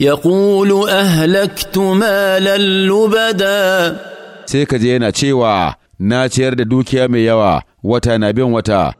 يقول أهلكت مالا لبدا sai ka je yana cewa na ciyar da dukiya mai yawa wata na bin wata